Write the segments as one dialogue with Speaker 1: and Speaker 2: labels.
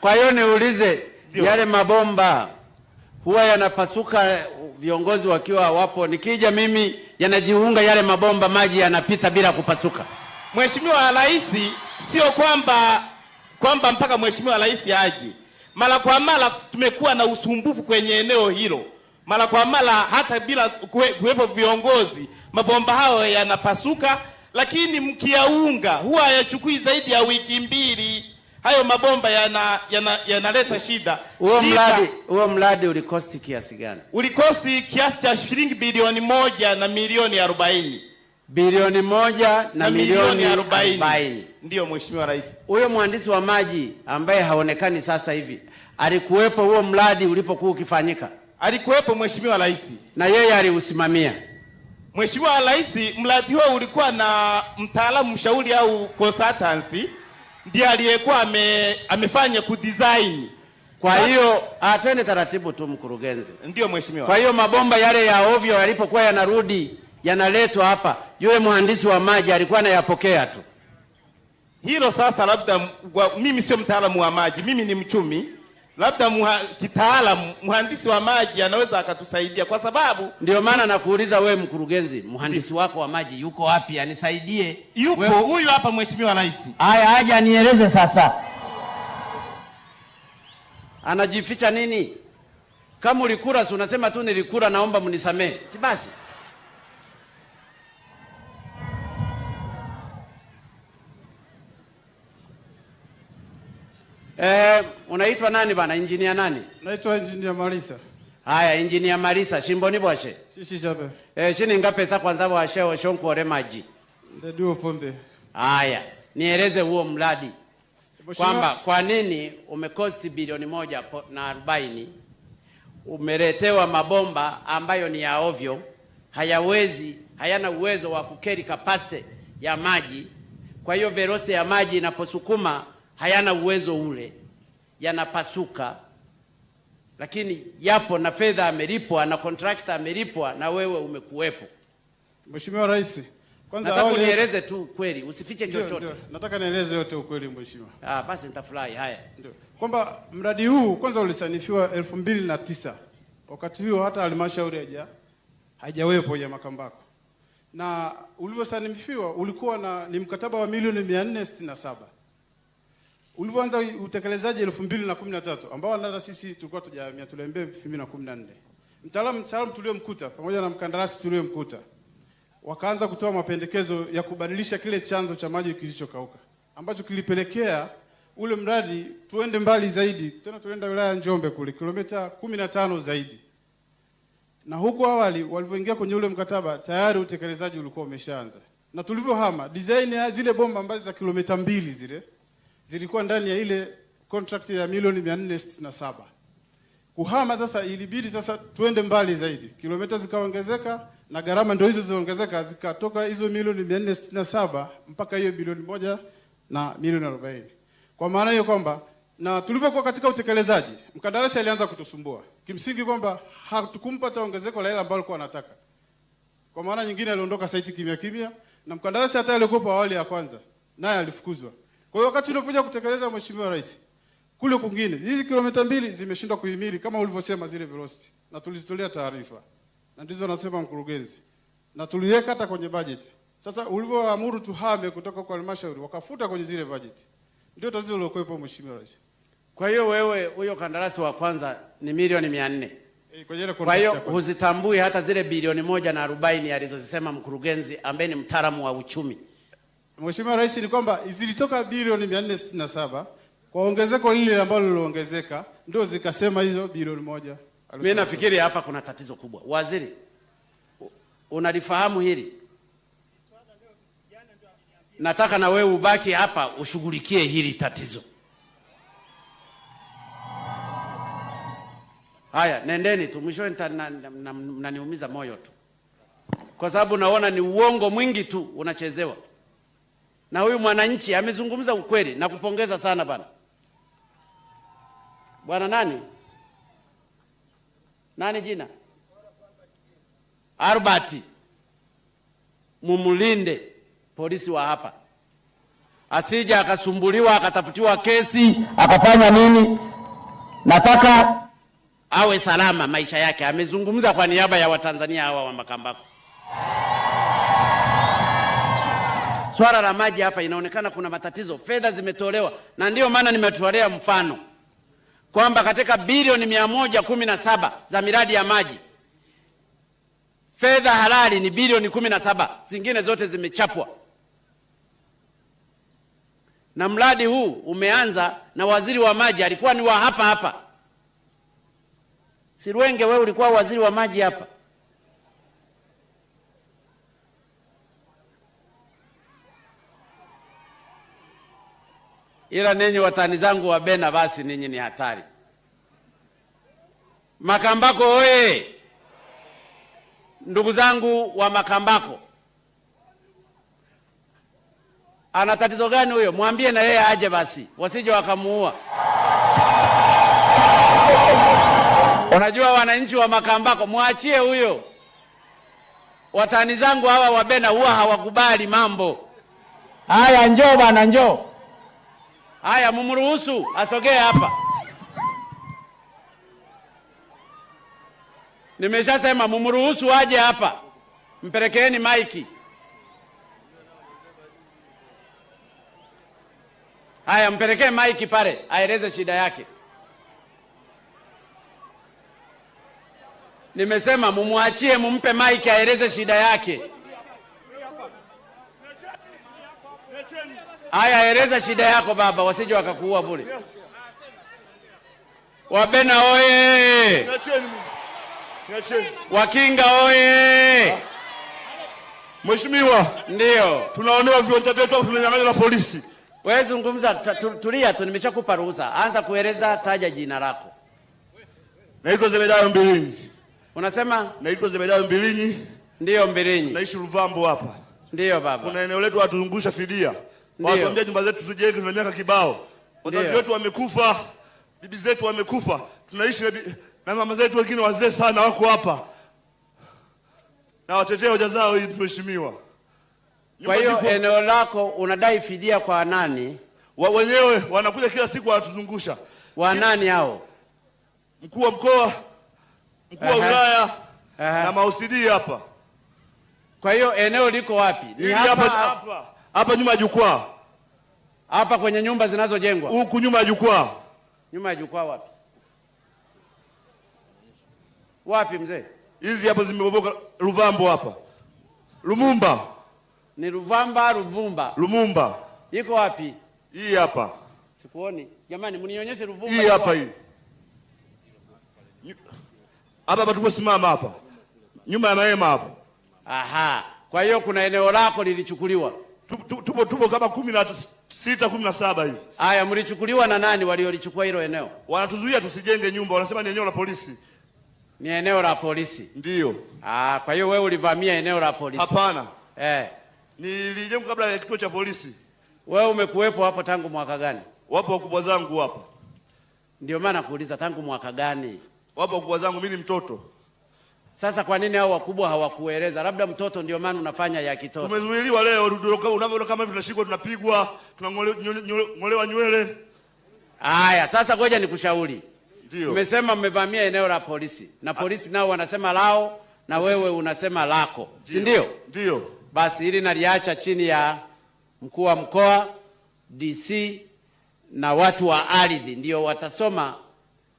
Speaker 1: Kwa hiyo niulize, yale mabomba huwa yanapasuka viongozi wakiwa wapo nikija mimi yanajiunga yale mabomba, maji yanapita bila kupasuka.
Speaker 2: Mheshimiwa Rais, sio kwamba kwamba mpaka Mheshimiwa Rais aje. Mara kwa mara tumekuwa na usumbufu kwenye eneo hilo, mara kwa mara hata bila kuwepo viongozi, mabomba hayo yanapasuka, lakini mkiyaunga huwa hayachukui zaidi ya wiki mbili hayo mabomba yanaleta yana, yana shida.
Speaker 1: Huo mradi huo mradi ulikosti kiasi gani?
Speaker 2: Ulikosti kiasi cha shilingi bilioni moja na milioni arobaini
Speaker 1: bilioni moja na, na milioni arobaini.
Speaker 2: Ndiyo Mheshimiwa Rais,
Speaker 1: huyo mhandisi wa maji ambaye haonekani sasa hivi alikuwepo huo mradi ulipokuwa ukifanyika?
Speaker 2: Alikuwepo Mheshimiwa Rais,
Speaker 1: na yeye aliusimamia.
Speaker 2: Mheshimiwa Rais, mradi huo ulikuwa na mtaalamu mshauri au consultancy ndiye aliyekuwa ame, amefanya kudesign.
Speaker 1: Kwa hiyo atende ah, taratibu tu mkurugenzi.
Speaker 2: ndio mheshimiwa.
Speaker 1: Kwa hiyo mabomba yale ya ovyo yalipokuwa yanarudi yanaletwa hapa, yule mhandisi wa maji alikuwa anayapokea tu.
Speaker 2: Hilo sasa, labda mimi sio mtaalamu wa maji, mimi ni mchumi labda muha, kitaalamu mhandisi wa maji anaweza akatusaidia, kwa sababu
Speaker 1: ndio maana nakuuliza wewe mkurugenzi, mhandisi wako wa maji yuko wapi? Anisaidie.
Speaker 2: Yupo huyu hapa, mheshimiwa rais.
Speaker 1: Haya, aje anieleze sasa, anajificha nini? Kama ulikura, si unasema tu nilikura, naomba mnisamee, si basi? Eh, unaitwa nani bana? Injinia nani?
Speaker 3: Naitwa Injinia Marisa.
Speaker 1: Haya, Injinia Marisa, shimboni bwashe. Sisi jabe. Eh, shini nga pesa kwanza bwashe oshonku ole maji. duo pombe. Haya, nieleze huo mradi. Kwamba kwa nini umekosti bilioni moja na arobaini umeletewa mabomba ambayo ni ya ovyo, hayawezi hayana uwezo wa kukeri kapasite ya maji. Kwa hiyo velocity ya maji inaposukuma hayana uwezo ule, yanapasuka, lakini yapo na fedha amelipwa na kontrakta amelipwa na wewe umekuwepo.
Speaker 3: Mheshimiwa Rais,
Speaker 1: kwanza nataka nieleze tu kweli, usifiche chochote.
Speaker 3: Nataka nieleze yote ukweli mheshimiwa.
Speaker 1: Ah, basi nitafurahi. Haya,
Speaker 3: ndio kwamba mradi huu kwanza ulisanifiwa elfu mbili na tisa wakati huo hata halmashauri haja haijawepo ya Makambako, na ulivyosanifiwa ulikuwa na ni mkataba wa milioni mia nne sitini na saba ulivyoanza utekelezaji 2013 ambao hata sisi tulikuwa tujamia tuliambia 2014. Mtaalamu mtaalamu tuliyomkuta pamoja na mkandarasi tuliyomkuta wakaanza kutoa mapendekezo ya kubadilisha kile chanzo cha maji kilichokauka ambacho kilipelekea ule mradi tuende mbali zaidi, tena tulienda wilaya ya Njombe kule kilomita 15 zaidi. Na huko awali walivyoingia kwenye ule mkataba tayari utekelezaji ulikuwa umeshaanza, na tulivyohama design ya zile bomba ambazo za kilomita mbili zile zilikuwa ndani ya ile contract ya milioni mia nne sitini na saba. Kuhama sasa, ilibidi sasa tuende mbali zaidi, kilomita zikaongezeka na gharama ndio hizo ziliongezeka, zikatoka hizo milioni mia nne sitini na saba mpaka hiyo bilioni moja na milioni arobaini. Kwa maana hiyo kwamba na tulivyokuwa katika utekelezaji, mkandarasi alianza kutusumbua kimsingi kwamba hatukumpa hata ongezeko la hela ambalo alikuwa anataka. Kwa maana nyingine, aliondoka saiti kimya kimya, na mkandarasi hata aliyekuwa awali ya kwanza naye alifukuzwa. Kwa hiyo wakati unapokuja kutekeleza Mheshimiwa Rais kule kwingine, hizi kilomita mbili zimeshindwa kuhimili kama ulivyosema zile velocity, na tulizitolea taarifa na ndizo anasema mkurugenzi, na tuliweka hata kwenye budget. Sasa ulivyoamuru tuhame kutoka kwa halmashauri, wakafuta kwenye zile budget, ndio tatizo lilokuwepo Mheshimiwa Rais.
Speaker 1: Kwa hiyo wewe, huyo kandarasi wa kwanza ni milioni mia nne eh, kwa hiyo huzitambui hata zile bilioni moja na arobaini alizozisema mkurugenzi ambaye ni mtaalamu wa uchumi.
Speaker 3: Mheshimiwa Rais ni kwamba zilitoka bilioni 467 kwa ongezeko lile ambalo liliongezeka ndio zikasema hizo bilioni moja.
Speaker 1: Mimi nafikiri hapa kuna tatizo kubwa. Waziri, unalifahamu hili? Nataka na wewe ubaki hapa ushughulikie hili tatizo. Haya, nendeni tu, mwishowe mnaniumiza moyo tu, kwa sababu naona ni uongo mwingi tu unachezewa na huyu mwananchi amezungumza ukweli. Nakupongeza sana bana bwana nani nani, jina Albert, mumlinde polisi wa hapa asije akasumbuliwa akatafutiwa kesi akafanya nini. Nataka awe salama maisha yake. Amezungumza kwa niaba ya Watanzania hawa wa Makambako. swala la maji hapa inaonekana kuna matatizo, fedha zimetolewa, na ndiyo maana nimetolea mfano kwamba katika bilioni mia moja kumi na saba za miradi ya maji fedha halali ni bilioni kumi na saba zingine zote zimechapwa. Na mradi huu umeanza na waziri wa maji alikuwa ni wa hapa hapa Sirwenge, wewe ulikuwa waziri wa maji hapa ila ninyi watani zangu wa Bena, basi ninyi ni hatari. Makambako oye! Ndugu zangu wa Makambako, ana tatizo gani huyo? Mwambie na yeye aje basi, wasije wakamuua. Unajua wananchi wa Makambako, mwachie huyo. Watani zangu hawa wa Bena huwa hawakubali mambo haya. Njoo bana, njoo. Haya, mumruhusu asogee hapa. Nimeshasema mumruhusu aje hapa, mpelekeeni maiki. Haya, mpelekee maiki pale aeleze shida yake. Nimesema mumwachie, mumpe maiki aeleze shida yake. Aya, eleza shida yako baba, wasije wakakuua bure. Wabena oye! Wakinga oye!
Speaker 4: Mheshimiwa, ndio tunaonewa viwanja vyetu tumenyang'anywa na polisi.
Speaker 1: Wewe zungumza, tulia tu, nimeshakupa ruhusa. Anza kueleza, taja jina lako.
Speaker 4: Naitwa Zebedayo Mbilinyi. Unasema? Naitwa Zebedayo Mbilinyi.
Speaker 1: Ndio Mbilinyi.
Speaker 4: Naishi Ruvambo hapa. Ndio baba. Kuna eneo letu watuzungusha fidia. Watuambia nyumba zetu tuzijenge tuna miaka kibao. Wazazi wetu wamekufa. Bibi zetu wamekufa. Tunaishi na mama zetu wengine wazee sana wako hapa. Na watetee hoja zao ili tuheshimiwa.
Speaker 1: Kwa hiyo eneo lako unadai fidia kwa nani?
Speaker 4: Wa wenyewe wanakuja kila siku wanatuzungusha.
Speaker 1: Wa nani hao?
Speaker 4: Mkuu wa mkoa, mkuu wa wilaya na mausidi hapa.
Speaker 1: Kwa hiyo eneo liko wapi?
Speaker 4: Ni hapa hapa. Hapa hapa nyuma ya jukwaa.
Speaker 1: Hapa kwenye nyumba zinazojengwa.
Speaker 4: Huku nyuma ya jukwaa.
Speaker 1: Nyuma ya jukwaa wapi? Wapi mzee?
Speaker 4: Hizi hapo zimeboboka. Ruvambo hapa. Lumumba.
Speaker 1: Ni Ruvamba, Ruvumba. Lumumba. Iko wapi? Hii hapa. Sikuoni. Jamani mnionyeshe Ruvumba.
Speaker 4: Hii hapa hii. Hapa hapa tupo simama hapa. Nyuma ya mahema hapa.
Speaker 1: Aha, kwa hiyo kuna eneo lako lilichukuliwa.
Speaker 4: Tupo tupo kama kumi na sita kumi na saba hivi.
Speaker 1: Haya, mlichukuliwa na nani? Waliolichukua hilo eneo
Speaker 4: wanatuzuia tusijenge nyumba, wanasema ni eneo la polisi.
Speaker 1: Ni eneo la polisi? Ndio. Ah, kwa hiyo wewe ulivamia eneo la polisi? Hapana, eh,
Speaker 4: nilijenga kabla ya kituo cha polisi.
Speaker 1: Wewe umekuwepo hapo tangu mwaka gani?
Speaker 4: Wapo wakubwa zangu hapa,
Speaker 1: ndio maana nakuuliza tangu mwaka gani?
Speaker 4: Wapo wakubwa zangu, mimi ni mtoto
Speaker 1: sasa kwa nini hao wakubwa hawakueleza? Labda mtoto ndio maana unafanya ya kitoto.
Speaker 4: Tumezuiliwa leo, unavyoona kama hivi tunashikwa, tunapigwa, tunang'olewa nywele.
Speaker 1: Haya, sasa ngoja nikushauri. Ndio. Umesema mmevamia eneo la polisi na ah. polisi nao wanasema lao na wewe unasema lako, si ndio? Ndio. Basi hili naliacha chini ya mkuu wa mkoa DC na watu wa ardhi, ndio watasoma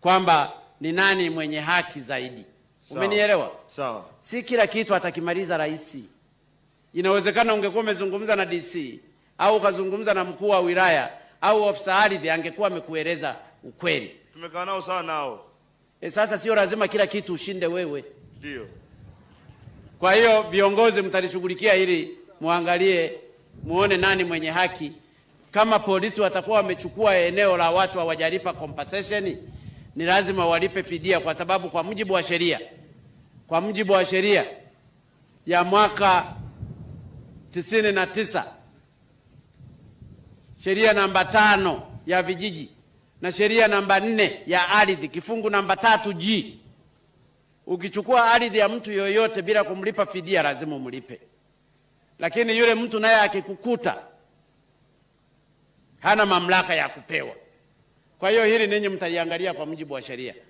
Speaker 1: kwamba ni nani mwenye haki zaidi. Umenielewa? Sawa. Si kila kitu atakimaliza rais. Inawezekana ungekuwa umezungumza na DC au ukazungumza na mkuu wa wilaya au ofisa ardhi, angekuwa amekueleza ukweli.
Speaker 4: Tumekaa nao sawa nao.
Speaker 1: E, sasa sio lazima kila kitu ushinde wewe. Ndio. Kwa hiyo viongozi, mtalishughulikia ili muangalie, muone nani mwenye haki. Kama polisi watakuwa wamechukua eneo la watu hawajalipa compensation, ni lazima walipe fidia, kwa sababu kwa mujibu wa sheria kwa mjibu wa sheria ya mwaka tisini na tisa sheria namba tano ya vijiji na sheria namba nne ya ardhi kifungu namba tatu G, ukichukua ardhi ya mtu yoyote bila kumlipa fidia lazima umlipe, lakini yule mtu naye akikukuta hana mamlaka ya kupewa. Kwa hiyo hili ninyi mtaliangalia kwa mujibu wa sheria.